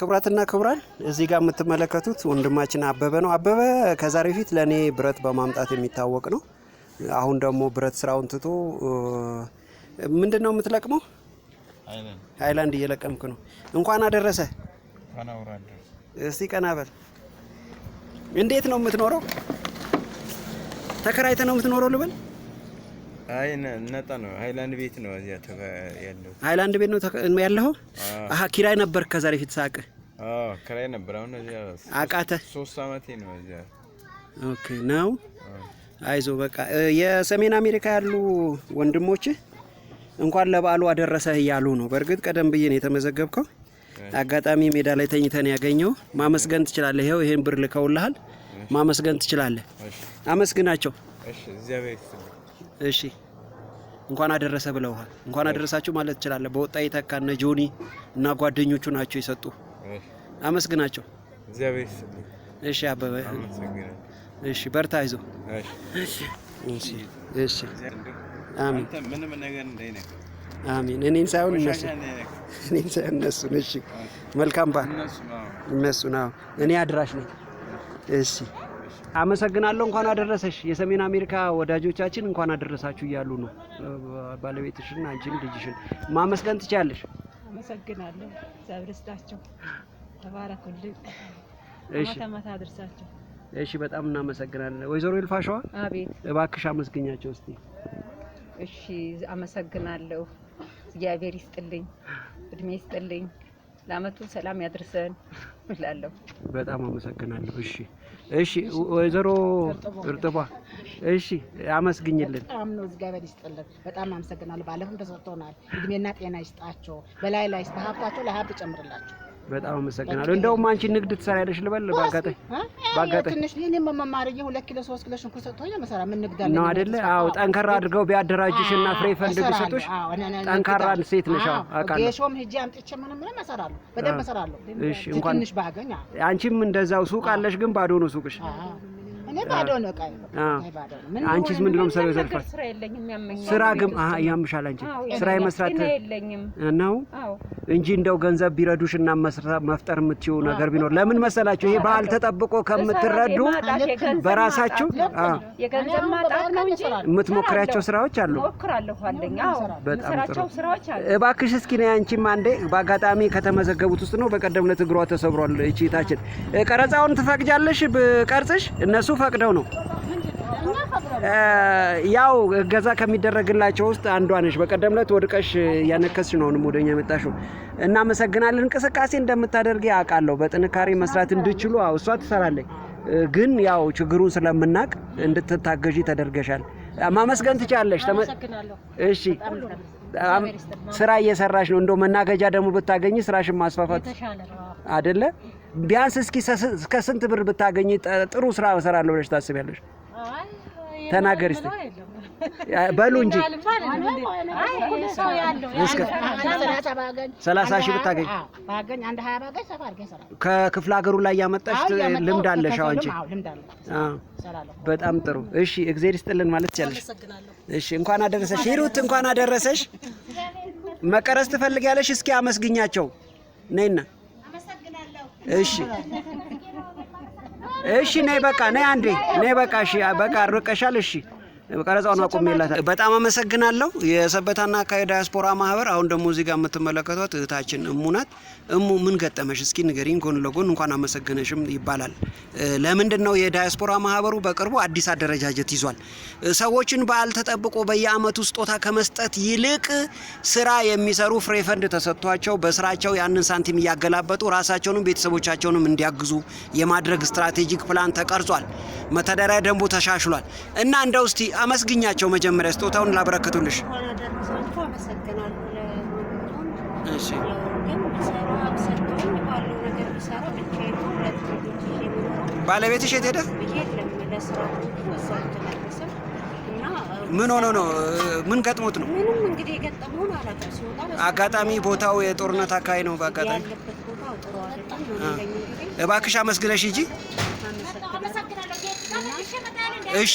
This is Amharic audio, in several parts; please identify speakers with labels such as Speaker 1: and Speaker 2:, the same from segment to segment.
Speaker 1: ክቡራትና ክቡራን እዚህ ጋር የምትመለከቱት ወንድማችን አበበ ነው። አበበ ከዛሬ በፊት ለእኔ ብረት በማምጣት የሚታወቅ ነው። አሁን ደግሞ ብረት ስራውን ትቶ ምንድን ነው የምትለቅመው? ሀይላንድ እየለቀምክ ነው። እንኳን አደረሰ። እስቲ ቀና በል። እንዴት ነው የምትኖረው? ተከራይተ ነው የምትኖረው ልበል
Speaker 2: ሃይላንድ ቤት ነው
Speaker 1: ያለው። ኪራይ ነበር ከዛ በፊት ሳቅ።
Speaker 2: አዎ ነበር። አሁን እዚያ አቃተ። ሶስት አመቴ ነው እዚያ።
Speaker 1: ኦኬ ነው። አይዞ በቃ የሰሜን አሜሪካ ያሉ ወንድሞች እንኳን ለበዓሉ አደረሰህ እያሉ ነው። በእርግጥ ቀደም ብዬ ነው የተመዘገብከው። አጋጣሚ ሜዳ ላይ ተኝተን ያገኘው ማመስገን ትችላለህ። ይኸው ይህን ብር ልከውልሃል። ማመስገን ትችላለህ። አመስግናቸው። እሺ እሺ እንኳን አደረሰ ብለውሃል። እንኳን አደረሳችሁ ማለት ትችላለህ። በወጣ የተካ እነ ጆኒ እና ጓደኞቹ ናቸው የሰጡ። አመስግናቸው። እሺ አበበ፣ እሺ በርታ፣ አይዞ፣ እሺ አሜን፣ አሜን። እኔን ሳይሆን እነሱ እኔን ሳይሆን እነሱ። እሺ መልካም በዓል እነሱ ነው። እኔ አድራሽ ነኝ። እሺ አመሰግናለሁ። እንኳን አደረሰሽ። የሰሜን አሜሪካ ወዳጆቻችን እንኳን አደረሳችሁ እያሉ ነው። ባለቤትሽን አንቺን ልጅሽን ማመስገን ትችያለሽ።
Speaker 3: አመሰግናለሁ። እግዚአብሔር ይስጣቸው። ተባረኩልን። ተመታ አድርሳቸው።
Speaker 1: እሺ፣ በጣም እናመሰግናለን። ወይዘሮ ይልፋሸዋ አቤት፣ እባክሽ አመስግኛቸው እስቲ።
Speaker 3: እሺ፣ አመሰግናለሁ። እግዚአብሔር ይስጥልኝ፣ እድሜ ይስጥልኝ፣ ለአመቱ ሰላም ያድርሰን እላለሁ።
Speaker 1: በጣም አመሰግናለሁ። እሺ እሺ ወይዘሮ እርጥቧ እሺ፣ አመስግኝልን።
Speaker 3: በጣም ነው እግዚአብሔር ይስጥልን። በጣም አመሰግናለሁ። ባለፈም ተሰጥቶናል። እድሜና ጤና ይስጣቸው። በላይ ላይ ሀብታቸው ለሀብት ጨምርላቸው
Speaker 1: በጣም አመሰግናለሁ። እንደውም አንቺ ንግድ ትሰሪያለሽ ልበል ባጋጣሚ
Speaker 3: ባጋጣሚ ትንሽ እኔም መማርዬ ሁለት ኪሎ ሶስት ኪሎ ሽንኩርት ሰጥቶኝ መሰራ ምን ንግድ
Speaker 1: አለ ነው አይደለ? አዎ ጠንካራ አድርገው ቢያደራጅሽ እና ፍሬ ፈንድ ቢሰጡሽ ጠንካራ ሴት ነሽ። አዎ
Speaker 3: አውቃለሁ። ጌሾም ሂጂ አምጥቼ ምንም ምንም መሰራለሁ፣ በደንብ መሰራለሁ። እሺ እንኳን ትንሽ ባገኝ
Speaker 1: አንቺም እንደዛው ሱቅ አለሽ፣ ግን ባዶ ነው ሱቅሽ። አንቺስ ምንድን ነው የምትሰሪው?
Speaker 3: ዘርፋል ስራ ግን ያምሻል። አንቺ
Speaker 1: ስራ የመስራት ነው እንጂ እንደው ገንዘብ ቢረዱሽ እና መፍጠር የምትይው ነገር ቢኖር ለምን መሰላችሁ? ይሄ በዓል ተጠብቆ ከምትረዱ በራሳችሁ የምትሞክሪያቸው ስራዎች አሉ። በጣም ጥሩ እባክሽ፣ እስኪ ነይ አንቺም አንዴ። በአጋጣሚ ከተመዘገቡት ውስጥ ነው። በቀደም ዕለት እግሯ ተሰብሯል እቺ ታችን። ቀረጻውን ትፈቅጃለሽ? ብቀርጽሽ እነሱ ፈቅደው ነው። ያው እገዛ ከሚደረግላቸው ውስጥ አንዷ ነሽ። በቀደም ዕለት ወድቀሽ ያነከስሽ ነው አሁንም ወደኛ የመጣሽው። እናመሰግናለን። እንቅስቃሴ እንደምታደርግ አውቃለሁ። በጥንካሬ መስራት እንድችሉ እሷ ትሰራለች፣ ግን ያው ችግሩን ስለምናቅ እንድትታገዥ ተደርገሻል። ማመስገን ትቻለሽ። እሺ ስራ እየሰራሽ ነው። እንደው መናገጃ ደግሞ ብታገኝ ስራሽን ማስፋፋት አደለ ቢያንስ እስኪ እስከ ስንት ብር ብታገኝ ጥሩ ስራ እሰራለሁ ብለሽ ታስቢያለሽ? ተናገሪ እስኪ በሉ እንጂ
Speaker 3: ሰላሳ ሺህ ብታገኝ
Speaker 1: ከክፍለ ሀገሩ ላይ ያመጣሽ ልምድ አለሽ። አንቺ በጣም ጥሩ። እሺ እግዜር ይስጥልን ማለት ያለሽ። እሺ እንኳን አደረሰሽ ሂሩት፣ እንኳን አደረሰሽ። መቀረጽ ትፈልጊያለሽ? እስኪ አመስግኛቸው ነይና እሺ እሺ ነይ በቃ ነይ አንዴ ነይ በቃ እሺ በቃ ሩቀሻል እሺ ቀረጻውን አቁሜላታል። በጣም አመሰግናለሁ። የሰበታና አካባቢ ዳያስፖራ ማህበር። አሁን ደግሞ እዚህ ጋር የምትመለከቷት እህታችን እሙ ናት። እሙ ምን ገጠመሽ እስኪ ንገሪኝ። ጎን ለጎን እንኳን አመሰግነሽም ይባላል። ለምንድን ነው የዳያስፖራ ማህበሩ በቅርቡ አዲስ አደረጃጀት ይዟል። ሰዎችን በዓል ተጠብቆ በየአመቱ ስጦታ ከመስጠት ይልቅ ስራ የሚሰሩ ፍሬፈንድ ተሰጥቷቸው በስራቸው ያንን ሳንቲም እያገላበጡ ራሳቸውንም ቤተሰቦቻቸውንም እንዲያግዙ የማድረግ ስትራቴጂክ ፕላን ተቀርጿል። መተዳደሪያ ደንቡ ተሻሽሏል እና እንደው እስቲ አመስግኛቸው መጀመሪያ ስጦታውን ላበረከቱልሽ። ባለቤትሽ የት ሄደ? ምን ሆኖ ነው? ምን ገጥሞት ነው? አጋጣሚ ቦታው የጦርነት አካባቢ ነው። በአጋጣሚ እባክሽ አመስግነሽ እንጂ እሺ፣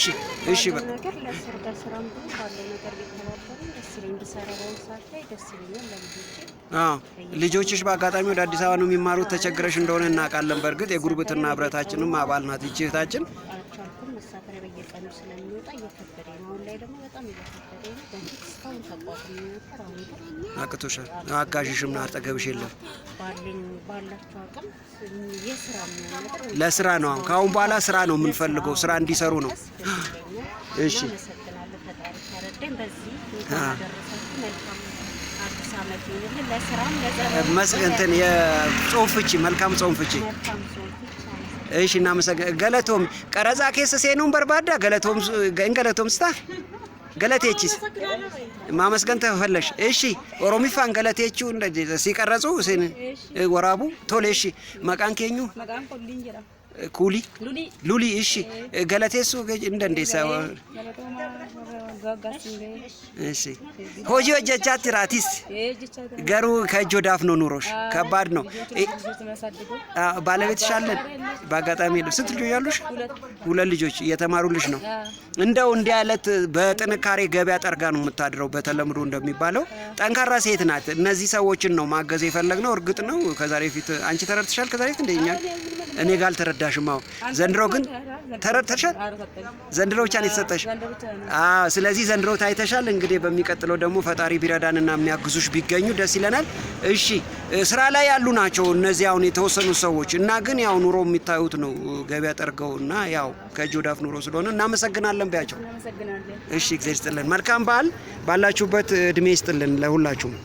Speaker 1: እሺ። በቃ ልጆችሽ በአጋጣሚ ወደ አዲስ አበባ ነው የሚማሩት። ተቸግረሽ እንደሆነ እናውቃለን። በእርግጥ የጉርብትና ህብረታችንም አባል ናት ይህች እህታችን መሳፈሪያ በየቀኑ ስለሚወጣ እየከበደ ነው። አሁን ላይ ደግሞ በጣም እየከበደ ነው። በፊት እስካሁን ተቋቁሚ ነበር። አሁን ግን አቅቶሻል። አጋዥሽም ና አጠገብሽ የለም።
Speaker 3: ባለኝ ባላቸው አቅም የስራ
Speaker 1: ነገር ለስራ ነው። አሁን ከአሁን በኋላ ስራ ነው የምንፈልገው፣ ስራ እንዲሰሩ ነው። እሺ አመሰግናለሁ። ፈጣሪ ተረዳኝ። በዚህ ደረሳችሁ። መልካም አዲስ እንትን የጾም ፍቺ መልካም ጾም ፍቺ እሺ እናመሰግናለን። ገለቶም ቀረጻ ኬስ ሴኑን በርባዳ ገለቶም ገን ገለቶም ስታ ገለቴችስ ማመስገን ተፈለሽ እሺ ኦሮሚፋን ገለቴቹ እንደዚህ ሲቀረጹ ወራቡ ቶሌ እሺ መቃን ኬኙ ኩሊ ሉሊ እሺ ገለቴሱ እንደንዴሳ እንደ እሺ ሆጂ ወጀቻት ራቲስ ገሩ ከእጅ ወዳፍ ነው ኑሮሽ ከባድ ነው ባለቤትሽ አለን በአጋጣሚ ነው ስንት ልጆች ያሉሽ ሁለት ልጆች እየተማሩልሽ ነው እንደው እንዲህ አይነት በጥንካሬ ገበያ ጠርጋ ነው የምታድረው በተለምዶ እንደሚባለው ጠንካራ ሴት ናት እነዚህ ሰዎችን ነው ማገዝ የፈለግነው እርግጥ ነው ከዛሬ ፊት አንቺ ተረድተሻል ከዛሬ ፊት እንደኛ እኔ ጋር አልተረዳ አልተረዳሽማው። ዘንድሮ ግን ተረድተሻል። ዘንድሮ ብቻ ነው የተሰጠሽ። አዎ፣ ስለዚህ ዘንድሮ ታይተሻል። እንግዲህ በሚቀጥለው ደግሞ ፈጣሪ ቢረዳንና የሚያግዙሽ ቢገኙ ደስ ይለናል። እሺ፣ ስራ ላይ ያሉ ናቸው እነዚህ አሁን የተወሰኑ ሰዎች እና ግን ያው ኑሮ የሚታዩት ነው ገበያ ጠርገው እና ያው ከእጅ ወዳፍ ኑሮ ስለሆነ እናመሰግናለን ብያቸው። እሺ፣ እግዚአብሔር ይስጥልን። መልካም በዓል ባላችሁበት እድሜ ይስጥልን ለሁላችሁም።